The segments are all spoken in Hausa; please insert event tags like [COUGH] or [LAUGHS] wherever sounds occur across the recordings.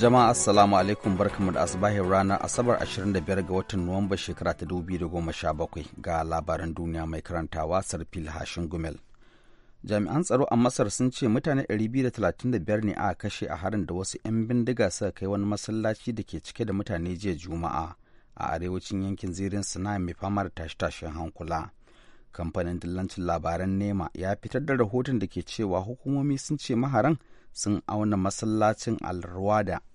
Jama'a Assalamu alaikum barkamu da asibahin ranar Asabar 25 ga watan Nuwamba shekara ta 2017 ga labaran duniya mai karantawa Sarfil Hashin Gumel. Jami'an tsaro a Masar sun ce mutane 235 ne aka kashe a harin da wasu 'yan bindiga suka kai wani masallaci da ke cike da mutane jiya Juma'a a arewacin yankin zirin Sinai mai fama da tashe-tashen hankula. Kamfanin dillancin labaran Nema ya fitar da rahoton da ke cewa hukumomi sun ce maharan sun auna masallacin al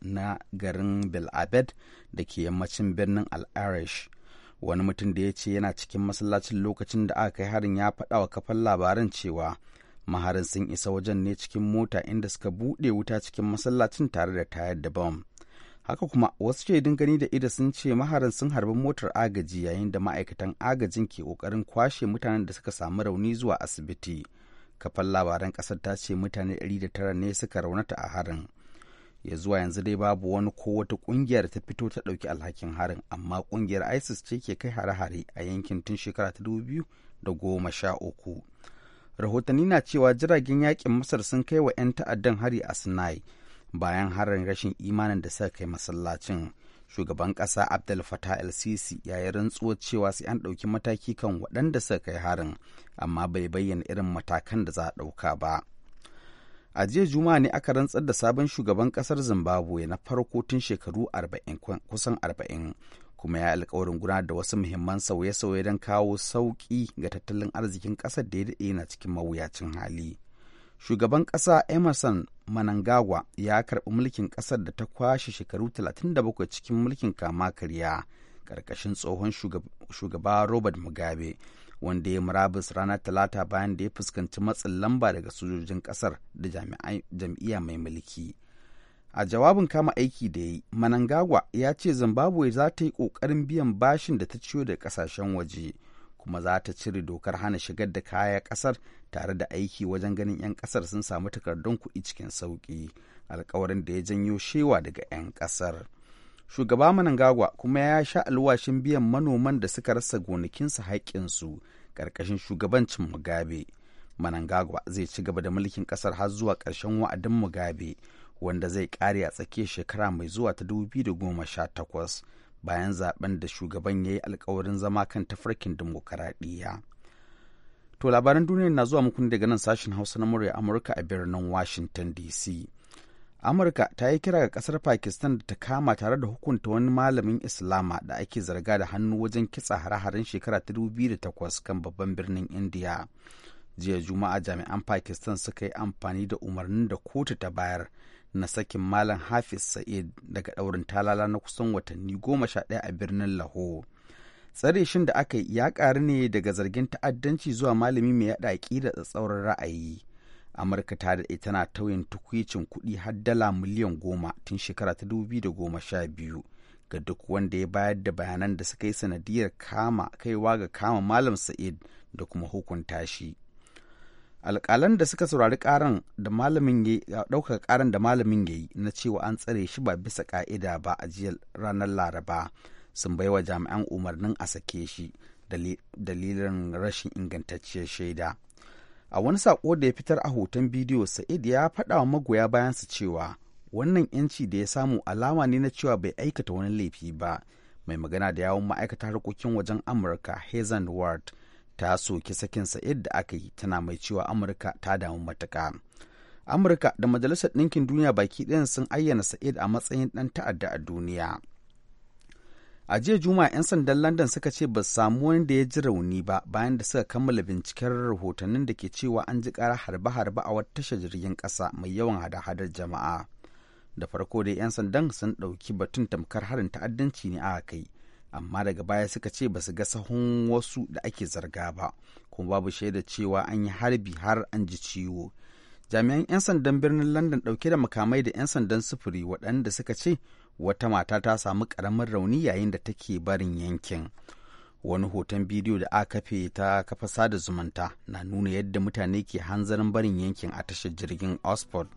na garin bil'abed da ke yammacin birnin al Wani mutum da ya ce yana cikin masallacin lokacin da aka kai harin ya faɗa wa kafan labaran cewa maharin sun isa wajen ne cikin mota inda suka buɗe wuta cikin masallacin tare da tayar da bom haka kuma wasu shaidun gani da ida sun ce maharin sun harbi motar agaji yayin da ma'aikatan agajin ke ƙoƙarin kwashe mutanen da suka samu rauni zuwa asibiti kafar labaran kasar ta ce mutane 109 ne suka raunata a harin ya zuwa yanzu dai babu wani ko wata kungiyar ta fito ta dauki alhakin harin amma kungiyar isis ce ke kai hare-hare a yankin tun shekara ta 2013 rahotanni na cewa jiragen yakin masar sun kai wa 'yan ta'addan hari a sinai bayan harin rashin imanin da suka kai masallacin shugaban ƙasa abdul fatah el sisi ya yi rantsuwar cewa sai an ɗauki mataki kan waɗanda suka kai harin amma bai bayyana irin matakan da za a ɗauka ba a jiya juma'a ne aka rantsar da sabon shugaban ƙasar zimbabwe na farko tun shekaru kusan 40 kuma ya alkawarin gudanar da wasu muhimman sauye-sauye don kawo sauki ga tattalin arzikin ƙasar da ya daɗe na cikin mawuyacin hali shugaban ƙasa emerson manangagwa ya karɓi mulkin ƙasar da ta kwashe shekaru 37 cikin mulkin kama karya ƙarƙashin tsohon shugaba robert mugabe wanda ya murabus ranar talata bayan da ya fuskanci matsin lamba daga sojojin ƙasar da jam'iyya mai mulki a jawabin kama aiki da ya yi manangagwa ya ce zimbabwe za ta yi ƙoƙarin biyan bashin da ta ciyo da ƙasashen waje kuma za ta cire dokar hana shigar da kaya kasar tare da aiki wajen ganin 'yan kasar sun samu takardun kuɗi cikin sauƙi alkawarin da ya janyo shewa daga 'yan kasar shugaba manangagwa kuma ya sha alwashin biyan manoman da suka rasa gonakinsu haƙƙinsu ƙarƙashin shugabancin mugabe manangagwa zai ci gaba da mulkin ƙasar har zuwa ƙarshen wa'adin mugabe wanda zai ƙare a tsakiyar shekara mai zuwa ta 2018 bayan zaben da shugaban ya yi alkawarin zama kan tafarkin dimokuraɗiyya. To labaran duniya na zuwa muku daga nan sashen Hausa na murya Amurka a birnin Washington DC. Amurka ta yi kira ga kasar Pakistan da ta kama tare da hukunta wani malamin Islama da ake zarga da hannu wajen kitsa hare-haren shekara ta 2008 kan babban birnin India. Jiya Juma'a jami'an Pakistan suka yi amfani da umarnin da kotu ta bayar na sakin Malam Hafiz Sa'id daga ɗaurin talala na kusan watanni goma sha ɗaya a birnin laho Tsare shin da aka yi ya ƙaru ne daga zargin ta'addanci zuwa malami mai yaɗa aƙida tsatsauran ra'ayi. Amurka ta daɗe tana tauyin tukwicin kuɗi har dala miliyan goma tun shekara ta dubu da goma sha biyu ga duk wanda ya bayar da bayanan da suka yi sanadiyar kama kaiwa ga kama Malam Sa'id da kuma hukunta shi. alƙalan da suka saurari ƙaran da malamin ya ɗaukaka ƙaran da malamin ya yi na cewa an tsare shi ba bisa ƙa'ida ba a jiya ranar laraba sun baiwa jami'an umarnin a sake shi dalilin rashin ingantacciyar shaida a wani saƙo da ya fitar a hoton bidiyo sa'id ya faɗa wa magoya bayansa cewa wannan yanci da ya samu alama ne na cewa bai aikata wani laifi ba mai magana da yawon ma'aikatar harkokin wajen amurka hazen ward ta soki sakin sa'id da aka yi tana mai cewa amurka ta damu matuka amurka da majalisar ɗinkin duniya baki ɗayan sun ayyana sa'id a matsayin ɗan ta'adda a duniya a jiya juma'a 'yan sandan landan suka ce ba samu wani da ya ji rauni ba bayan da suka kammala binciken rahotannin da ke cewa an ji ƙara harbe-harbe a wata tashar jirgin ƙasa mai yawan hada-hadar jama'a da farko dai 'yan sandan sun ɗauki batun tamkar harin ta'addanci ne a kai amma daga baya suka ce ba su ga sahun wasu da ake zarga ba kuma babu shaida cewa an yi harbi har an ji ciwo jami'an 'yan sandan birnin london dauke da makamai da 'yan sandan sufuri waɗanda suka ce wata mata ta samu ƙaramin rauni yayin da take barin yankin wani hoton bidiyo da aka kafe ta kafa sada zumunta na nuna yadda mutane ke hanzarin barin yankin a tashar jirgin oxford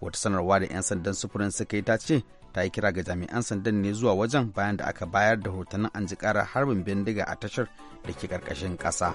wata sanarwa da 'yan sandan sufurin suka yi ta ce ta yi kira ga jami'an sandan ne zuwa wajen bayan da aka bayar da hotunan an ji karar harbin bindiga a tashar da ke karkashin ƙasa.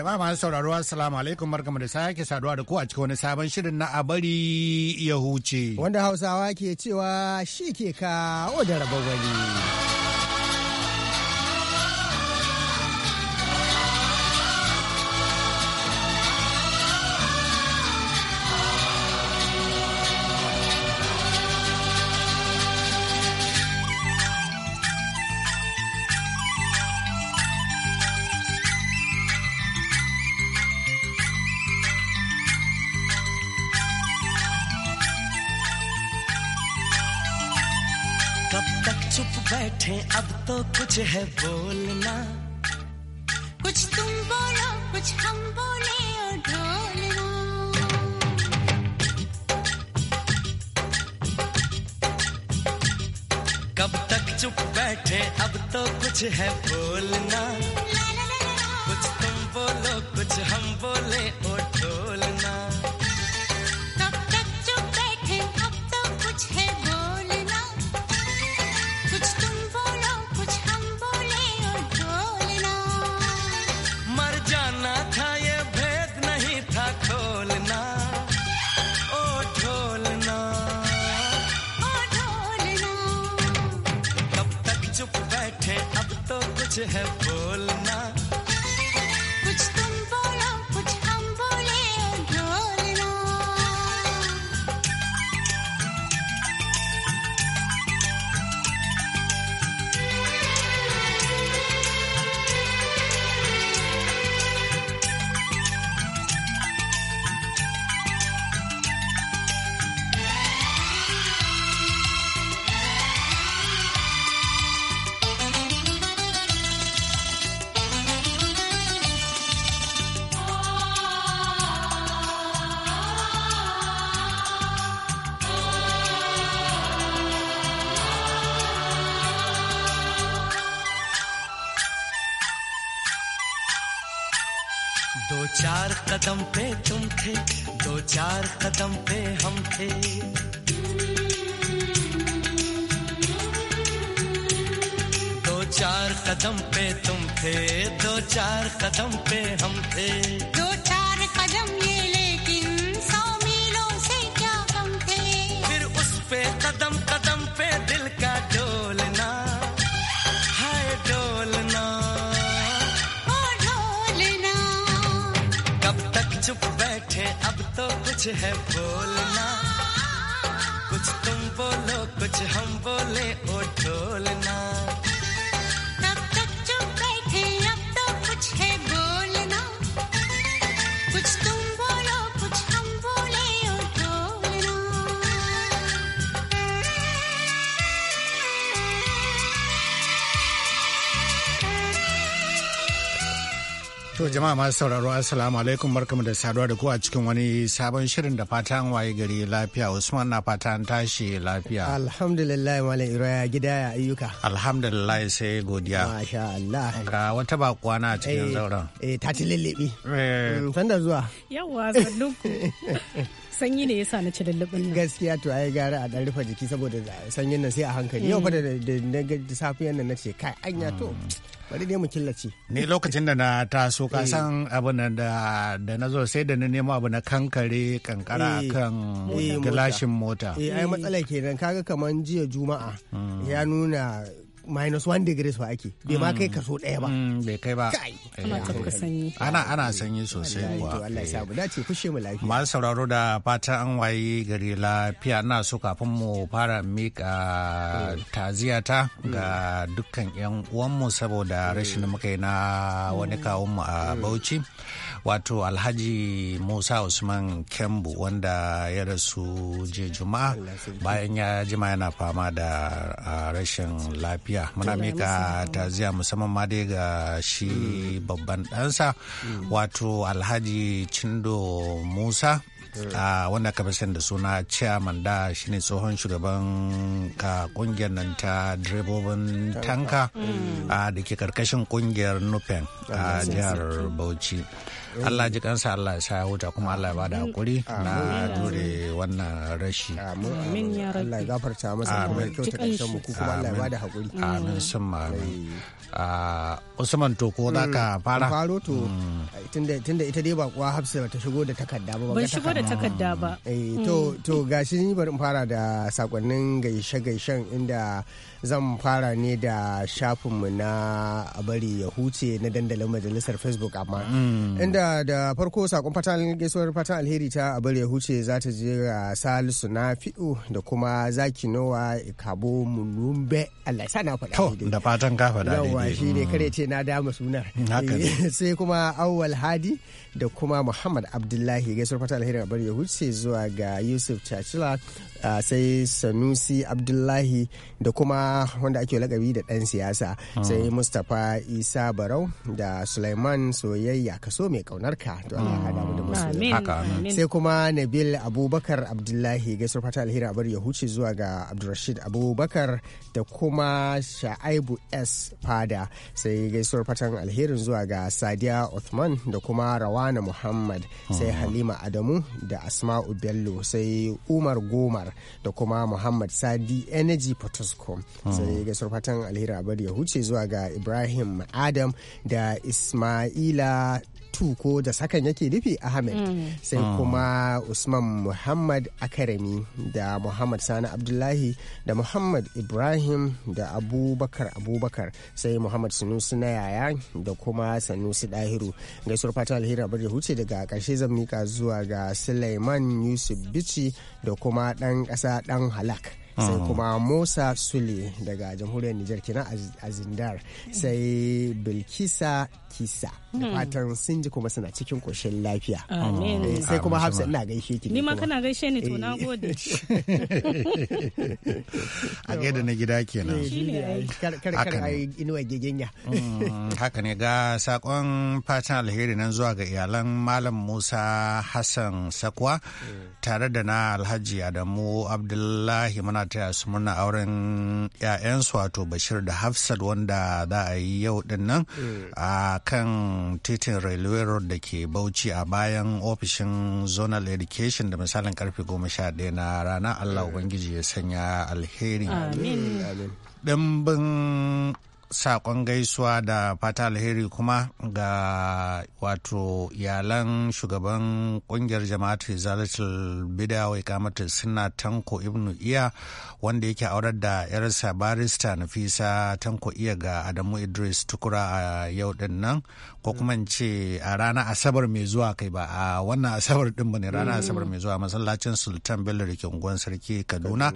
Jama'a masu sauraro assalamu alaikum barkamu da sake saduwa da ku a cikin wani sabon shirin na abari ya huce. Wanda Hausawa ke cewa shi ke kawo da rabon wani. कब तक चुप बैठे अब तो कुछ है बोलना कुछ तुम बोलो कुछ हम बोले और ढोलना कब तक चुप बैठे अब तो कुछ है बोलना कुछ तुम बोलो कुछ हम बोले और Have. कदम पे तुम थे दो चार कदम पे हम थे दो चार कदम पे तुम थे दो चार कदम पे हम थे दो बैठे अब तो कुछ है बोलना कुछ तुम बोलो कुछ हम बोले ओ ढोलना To jama'a masu sauraro assalamu alaikum barkamu da saduwa da ku a cikin wani sabon shirin da fatan waye gari lafiya Usman na fatan tashi lafiya. Alhamdulillah malam Iraya gida ya ayyuka. Alhamdulillah sai godiya. Masha Allah. Ga wata bakuwa na cikin eh, zauren. Eh ta ci lillibi. Eh. Mm, sanda zuwa. Yawwa sanduku. [LAUGHS] sanyi ne yasa na ci lallabin nan gaskiya to ai gara a dan rufe jiki saboda sanyin nan sai a hankali yau fa da safiyan safiyar nan nace kai anya to bari ne mu killace ni lokacin da na taso ka eh. san abin da da na zo sai da na nemo abu na kankare kankara eh. kan eh, gilashin mota eh ai matsala kenan kaga kaman jiya juma'a hmm. ya nuna minus one degrees ba ake bai ma kai kaso ɗaya ba mm, bai kai ba eh, eh. ana ana sanyi sosai kuwa Allah ya sa mu eh. dace kushe mu lafiya masu sauraro da fata an wayi gari lafiya na so kafin mu fara mika ta ga mm. dukkan yan uwan mu saboda rashin muka yi na wani mm. kawun mu a Bauchi wato alhaji musa usman kembu wanda ya rasu je juma bayan ya jima yana fama da rashin lafiya muna mika taziya musamman ma dai ga shi mm. babban ɗansa mm. wato alhaji cindo musa wanda aka fi da suna chairman da shine tsohon shugaban ka kungiyar nan ta direbobin tanka A mm. da ke karkashin kungiyar nupen a jihar bauchi Allah ji kansa Allah ya sa huta kuma Allah ya bada hakuri na dore wannan rashi. Amin ya Allah ya gafarta masa kuma ya kyauta karshen mu kuma Allah ya bada hakuri. Amin sun Uh, Usman to ko za ka mm, fara? Faro to mm. tunda ita dai ba kuwa Hafsa ta shigo da takarda ba. Ban shigo da takarda ba. Eh, mm. To gashi ni bari fara da sakonnin gaishe-gaishen inda zan fara ne da shafinmu na bari ya huce na dandalin majalisar facebook amma mm. inda da farko sakon fatan gaisuwar fatan alheri ta bari ya huce za ta je ga salisu na fi'u da kuma zaki nowa kabo munumbe allah da fatan ka faɗa yawa shi ne mm. kare [LAUGHS] sai kuma awwal hadi da kuma muhammad abdullahi gaisuwar fatan alheri a bari ya huce zuwa ga yusuf chachila ah, sai sanusi abdullahi da kuma wanda ake lakabi da ɗan siyasa ah. sai mustapha isa barau da suleiman soyayya kaso mai ka to Allah ya ah. hada mu da masoyi sai kuma nabil abubakar abdullahi gaisuwar fata alheri abar ya huce zuwa ga abdulrashid abubakar da kuma sha'aibu s fada sai gaisuwar fatan alherin zuwa ga sadiya uthman da kuma rawana muhammad sai ah. halima adamu da asma'u bello sai umar gomar da kuma muhammad sadi energy potoscom Hmm. sai ga fatan alheri abar ya huce zuwa ga ibrahim adam da ismaila tuko da sakan yake nufi ahmed hmm. sai hmm. kuma usman muhammad akarami da muhammad sani abdullahi da muhammad ibrahim da abubakar abubakar sai muhammad sanusi na yaya da kuma sanusi dahiru ga fatan alheri abar huce daga karshe zan mika zuwa ga suleiman yusuf bici da kuma dan kasa dan halak sai ah. kuma musa sule daga jamhuriyar nijar kenan a zindar sai bilkisa kisa da hmm. fatan sun ji kuma suna cikin koshin lafiya eh, sai kuma hafsa ina gaishe ki ni ma kana gaishe ni to eh. na gode [LAUGHS] a gaida na gida kenan eh, kar kar ai inuwa gegenya mm, haka ne ga sakon fatan alheri nan zuwa ga iyalan malam Musa Hassan Sakwa tare da na Alhaji Adamu Abdullahi muna taya su murna auren 'ya'yansu wato Bashir da Hafsat wanda za a yi yau din nan a ah, kan titin railway road da ke bauchi a bayan ofishin zonal education da misalin karfe 11 na rana allah ubangiji ya sanya alheri dimbin saƙon gaisuwa da fata alheri kuma ga wato iyalan shugaban ƙungiyar jama'atu zalatul bida wai kamata suna tanko ibnu iya wanda yake aurar da yarsa barista nafisa tanko iya ga adamu idris tukura a yau din nan ko kuma in ce a ranar asabar mai zuwa kai ba a wannan asabar din ne ranar asabar mai zuwa masallacin sultan bello da sarki kaduna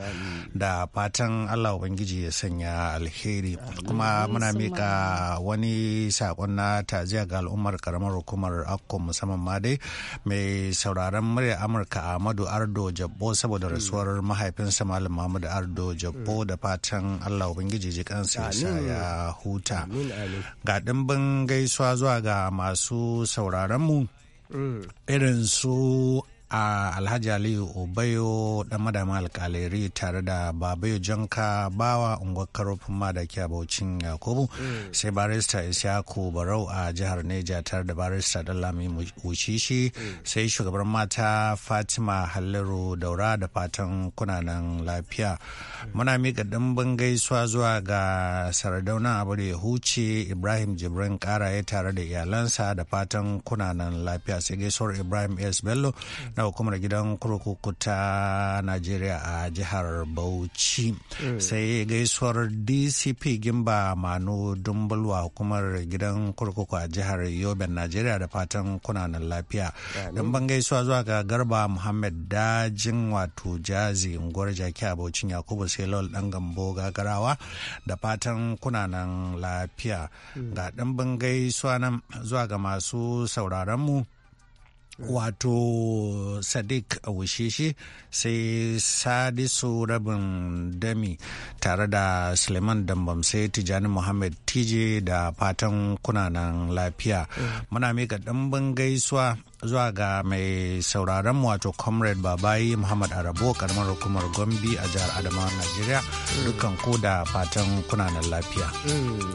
da fatan allah ubangiji ya sanya alheri kuma muna mika wani sakon na taziya ga al'ummar karamar hukumar akko musamman ma dai mai sauraron murya amurka amadu ardo jabbo saboda rasuwar mahaifinsa malam mahmud ardo jabbo mm. da fatan allah ubangiji ji kansa ya huta ga dimbin gaisuwa zuwa zuwa ga masu sauraronmu mm. irin su a alhaji Ali obayo dan madama alkaleri tare da babayo janka bawa unguwar karofin madaki a baucin yakubu mm. sai barista isyaku barau a jihar neja tare da barista dalami wucishi mm. sai shugaban mata fatima halliru daura da fatan kunanan lafiya mm. muna mika dimbin gaisuwa zuwa ga sardauna abu da huce ibrahim jibrin karaye tare da iyalansa da fatan kunanan lafiya sai gaisuwar ibrahim s bello na hukumar gidan kurkuku ta najeriya a jihar bauchi eh. sai gaisuwar dcp gimba manu dumbulwa hukumar gidan kurkuku a jihar yoben najeriya da fatan kunanan lafiya don ban gaisuwa zuwa ga garba muhammad dajin wato jazi unguwar jaki a bauchin yakubu selol dan gambo gagarawa da fatan kunanan lafiya hmm. ga dan ban gaisuwa nan zuwa ga masu mu wato sadiq awushishi sai sadisu rabin dami tare da suleiman dambamse tijani muhammad tije da fatan kunanan lafiya muna mika ɗimbin gaisuwa zuwa ga mai sauraron wato comrade babayi muhammad arabo karamar hukumar gombe a jihar adamawa najeriya dukkan ko da fatan kunanan lafiya mm.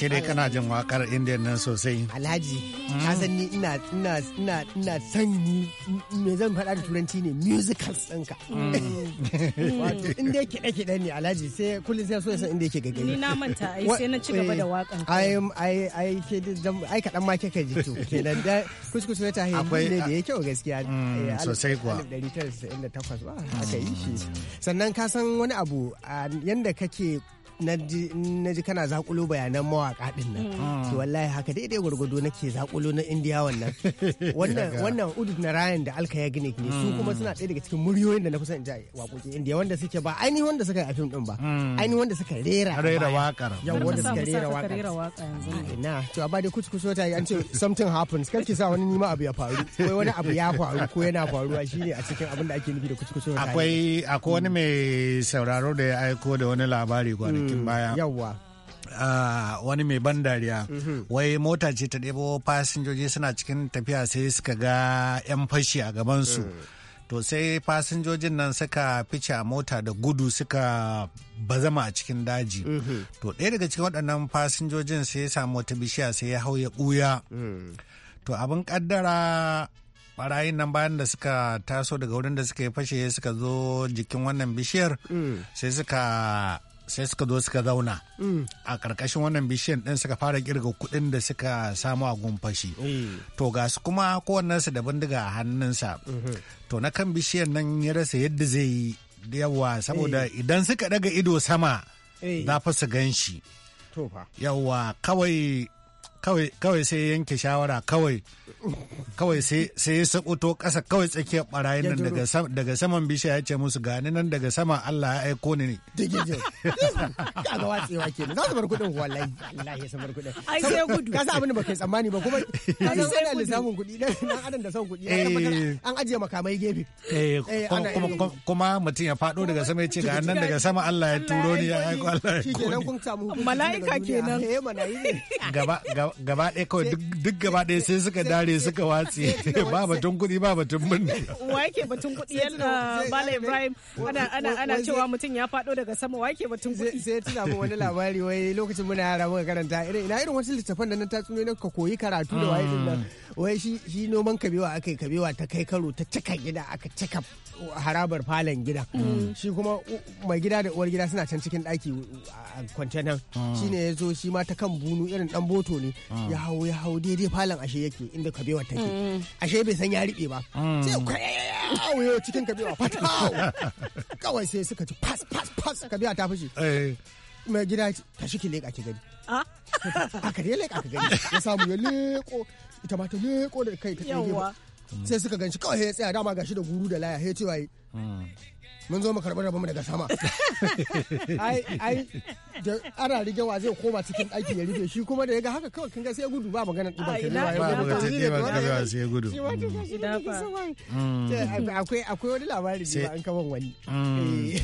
sai dai kana jin wakar indian nan sosai alhaji ka hmm? san ni ina ina ina ina san ni me zan faɗa da turanci ne musical ɗinka hmm. [LAUGHS] wato inda yake dake ɗan ne alhaji sai kullun sai so ya san inda yake gagari ni na manta ai sai na ci gaba da wakan eh, ai ai ai ke ai kadan ma kika ji to kenan da kuskus ta hin ne da yake o gaskiya hmm, eh, sosai kuwa 1998 ba aka yi shi sannan ka san wani abu yanda kake na ji kana zakulo bayanan mawaka din nan hmm. to wallahi haka daidai gwargwado nake zakulo na indiya wannan [LAUGHS] wannan udud na rayan da alka ya gine ne su kuma hmm. suna ɗaya daga cikin muryoyin da na kusan ji waƙoƙin indiya wanda suke ba ainihin wanda suka yi a fim din ba hmm. ainihin wanda suka rera rera waƙar yau wanda suka rera waƙar ina to amma dai kuci kuci an ce something happens kar ki sa wani nima abu ya faru ko wani abu ya faru ko yana faruwa shine a cikin abin da ake nufi da kuci kuci akwai akwai wani mai sauraro da ya aiko da wani labari kwanaki kwanakin mm, baya yawwa Uh, wani mai ban dariya mm-hmm. wai mota ce ta ɗebo fasinjoji suna cikin tafiya sai suka ga 'yan fashi a gabansu mm. to sai fasinjojin nan suka fice a mota da gudu suka bazama a cikin daji mm-hmm. to ɗaya daga cikin waɗannan fasinjojin sai ya samu wata bishiya sai ya hau ya ɓuya mm. to abin ƙaddara barayin nan bayan da suka taso daga wurin da suka yi fashe suka zo jikin wannan bishiyar mm. sai suka sai suka zo suka zauna mm. a karkashin wannan bishiyan din suka fara kirga kuɗin da suka samu a gumfashi mm. to ga su kuma kowannensu da bindiga a hannunsa mm-hmm. to na kan bishiyan nan ya rasa yadda zai yi yawa saboda eh. idan suka daga ido sama eh. za fa su gan shi yawa kawai kawai sai yanke shawara kawai kawai sai ya sakuto kasa kawai tsakiyar barayin nan daga saman bishiya ya ce musu gani nan daga sama Allah ya aiko ni ne. Ka ga watsewa za su bar wallahi Allah ya bar kuɗin. Ai sai gudu. Ka abin da baka tsammani ba kuma dan adam da eh. an ajiye makamai gefe. Eh, eh, kuma mutum ya faɗo daga sama ya ce ga nan daga sama Allah ya turo ni ya aiko Allah ya aiko Mala'ika kenan. Gaba gaba gaba ɗaya kawai duk gaba ɗaya sai suka dare suka watse ba batun kuɗi ba batun wa yake batun kuɗi yalla bala ibrahim ana ana ana cewa mutum ya faɗo daga sama wa yake batun kuɗi sai tuna mu wani labari wai lokacin muna yara muka karanta irin ina irin wasu littafan da nan ta tsuno ka koyi karatu da waye nan hmm. wai shi shi noman kabewa akai kabewa ta kai karo ta cika gida aka cika harabar falon gida mm. shi kuma mai gida da uwar gida suna can cikin ɗaki a kwance nan mm. shi ne ya zo shi ma ta kan bunu irin dan boto ne mm. ya hau ya hau daidai falon ashe yake inda kabewa take ashe bai san ya riɓe ba sai kwayayawo cikin kabewa fatawo [LAUGHS] kawai sai suka ci pas pas pas kabewa ta fushi eh. mai gida ta shi ki leƙa ki gani ah. aka dai leƙa ka gani ya samu ya leƙo ita ma ta leƙo da kai ta ɗaya sai suka ganci kawai ya tsaya dama gashi da guru da laya ya waye mun zo mu karɓi rabonmu daga sama [LAUGHS] ai ai da ana rige wa zai koma cikin aiki ya rufe shi kuma da ya ga haka kawai kin ga sai gudu ba magana ɗiban kai ba ya gudu mm. sai gudu akwai akwai wani labari ne ba an kawon wani mm. eh.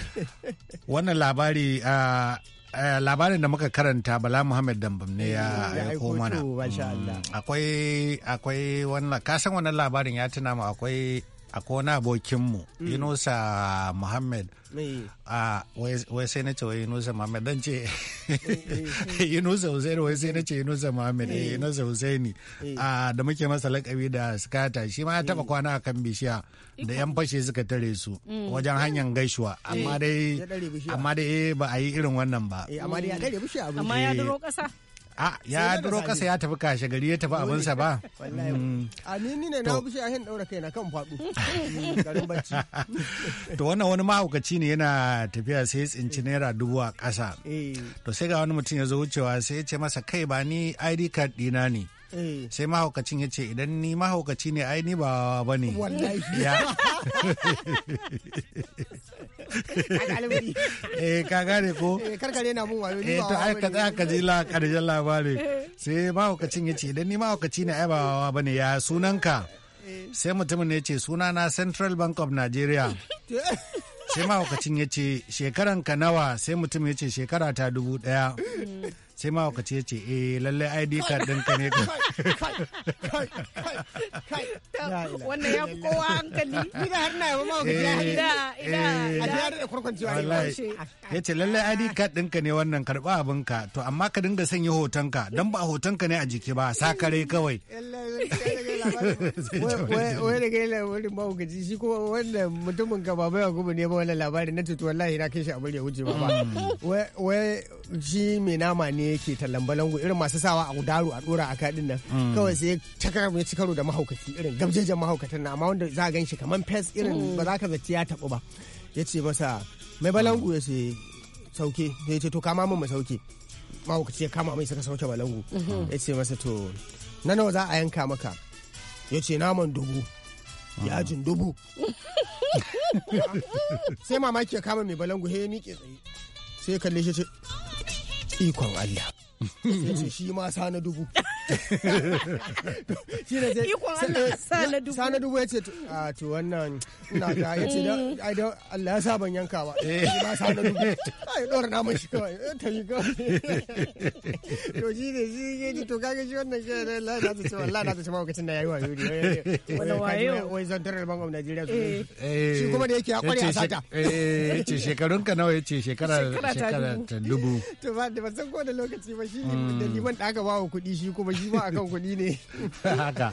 wannan labari ah, Eh, labarin da muka karanta Bala Muhammad Dambam ne ya eh, aiko mana. Mm. Akwai akwai wannan kasan wannan labarin ya tuna mu akwai akwai wani abokinmu inusa mm. muhammed a ah, wai sai na ce wai yunusa muhammad dan ce inusa eh, eh. [LAUGHS] husaini wai sai na ce yunusa muhammad eh, yunusa husaini ah, da muke masa lakabi da skata shi ma ya taba mm. kwana a kan bishiya da yan fashe suka tare su mm. wajen hanyar gaisuwa amma dai ba a yi irin wannan ba amma ya bishiya amma ya duro kasa a ah, ya duro kasa ya tafi kashe gari ya tafi abinsa ba a mm. ah, nini ne na a daura kai na kan [LAUGHS] mm, to wannan wani mahaukaci ne yana tafiya sai ya tsinci naira dubu a ƙasa eh. to sai ga wani mutum ya zo wucewa sai ya ce masa kai ba ni id card dina ne eh. sai mahaukacin ya ce idan ni mahaukaci ne ai ba ba ne [LAUGHS] eh ka gane ko eh, karkare na mun wayo ni eh, ba to ai ka tsaya ka ji la karshen labari sai mahaukacin yace idan ni mahaukaci ne ai ba bane ya sunanka eh. sai mutumin ne ce sunana Central Bank of Nigeria [LAUGHS] sai ma mahaukacin ya ce shekaran ka nawa sai mutum ya shekara ta dubu daya mm. sai mahaukaci ya ce eh lallai id card din ka ne ka wannan ya fi kowa hankali ni da har na yaba mahaukaci ya ida ya da kurkwancewa ya ce lallai ID card ɗinka ne wannan karɓa abinka to amma ka dinga sanya hotonka don ba hotonka ne a jiki ba sakare kawai [LAUGHS] wai da ba shi kuma wannan mutumin ka baba ya gubu ne ba wannan labari na tutu wallahi na kai shi wuce ba hmm. wai shi mai nama ne yake talambalango irin masu sawa a daru a dora a kaɗin nan hmm. kawai sai ta karo ci karo da mahaukaci irin gamjejen mahaukatan na amma wanda za a gan shi kamar fes irin hmm. ba za ka zaci ya taɓu ba ya ce masa mai balangu ya ce sauke ya ce to kama mun mai sauke mahaukaci ya kama mai suka sauke balangu mhm. ya ce masa to na nawa za a yanka maka ya ce naman dubu yajin ah. dubu sai mamaki ya kama mai balangu ya miƙe tsaye sai ya kalle shi ce ikon Allah ce shi ma sa na dubu [LAUGHS] shi ne sai sa na dubu ya ce a to wannan ina ga ya ce eh. Allah ya sa ban yanka ba eh. shi ma sa na dubu ai dora na mashi kawai ta yi kawai [LAUGHS] to shi ne shi ya ji to kaga shi wannan shi ne Allah na ce wallahi na ce ma lokacin da yayi wayo ne eh, wannan wayo wai zantarar bank of Nigeria shi kuma da yake ya kware a sata eh ce shekarun ka nawa yace shekara shekara ta dubu [LAUGHS] to ba da ban san ko da lokaci ba shi hmm. da liman da aka bawa kuɗi shi kuma shi ma akan kuɗi ne [LAUGHS] haka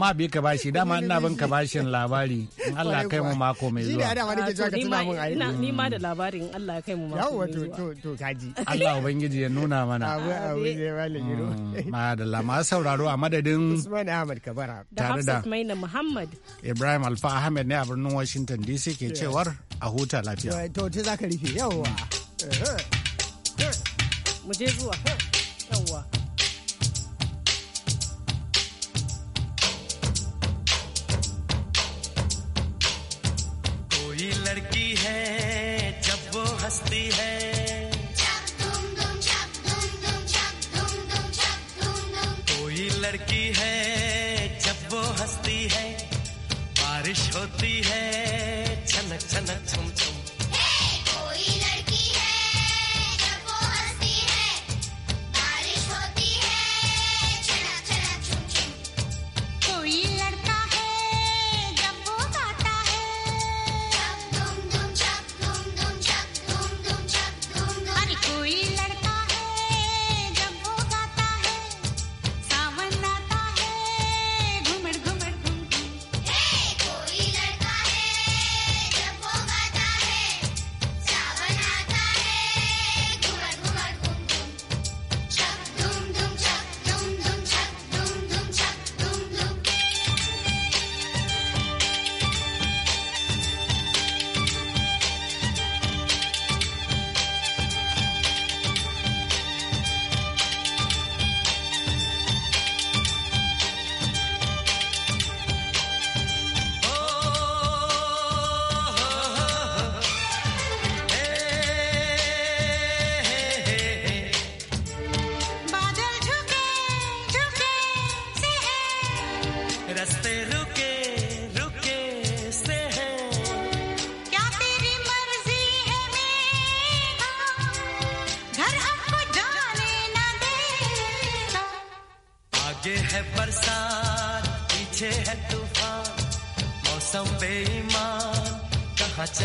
ma bi ka bashi dama ina bin ka bashin labari in Allah kai mu mako mai zuwa shi da dama nake cewa ka tuna mun ayi ni ma da labarin Allah kai mu mako mai zuwa to to kaji [LAUGHS] Allah ubangiji ya nuna mana abu abu ne malam giro hmm, [LAUGHS] ma da la ma sauraro a madadin Usman Ahmad Kabara tare da Hafsat Maina Muhammad Ibrahim Alfa Ahmed ne a birnin Washington DC ke cewar a huta lafiya to te zaka rufe yawa hmm. eh, eh, eh. 没结束，像我。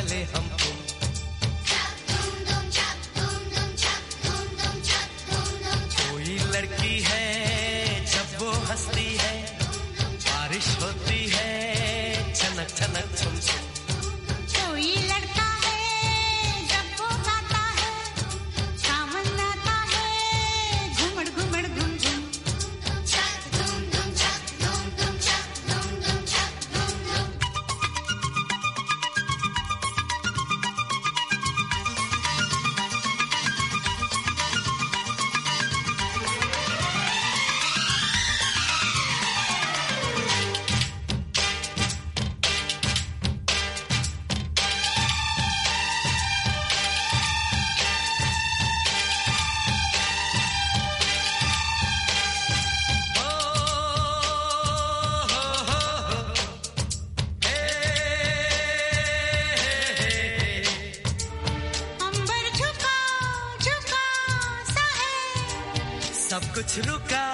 चले हम तुम तो। कोई लड़की है जब वो हंसती है बारिश होती है छनक छनक छुम छुम कुछ रुका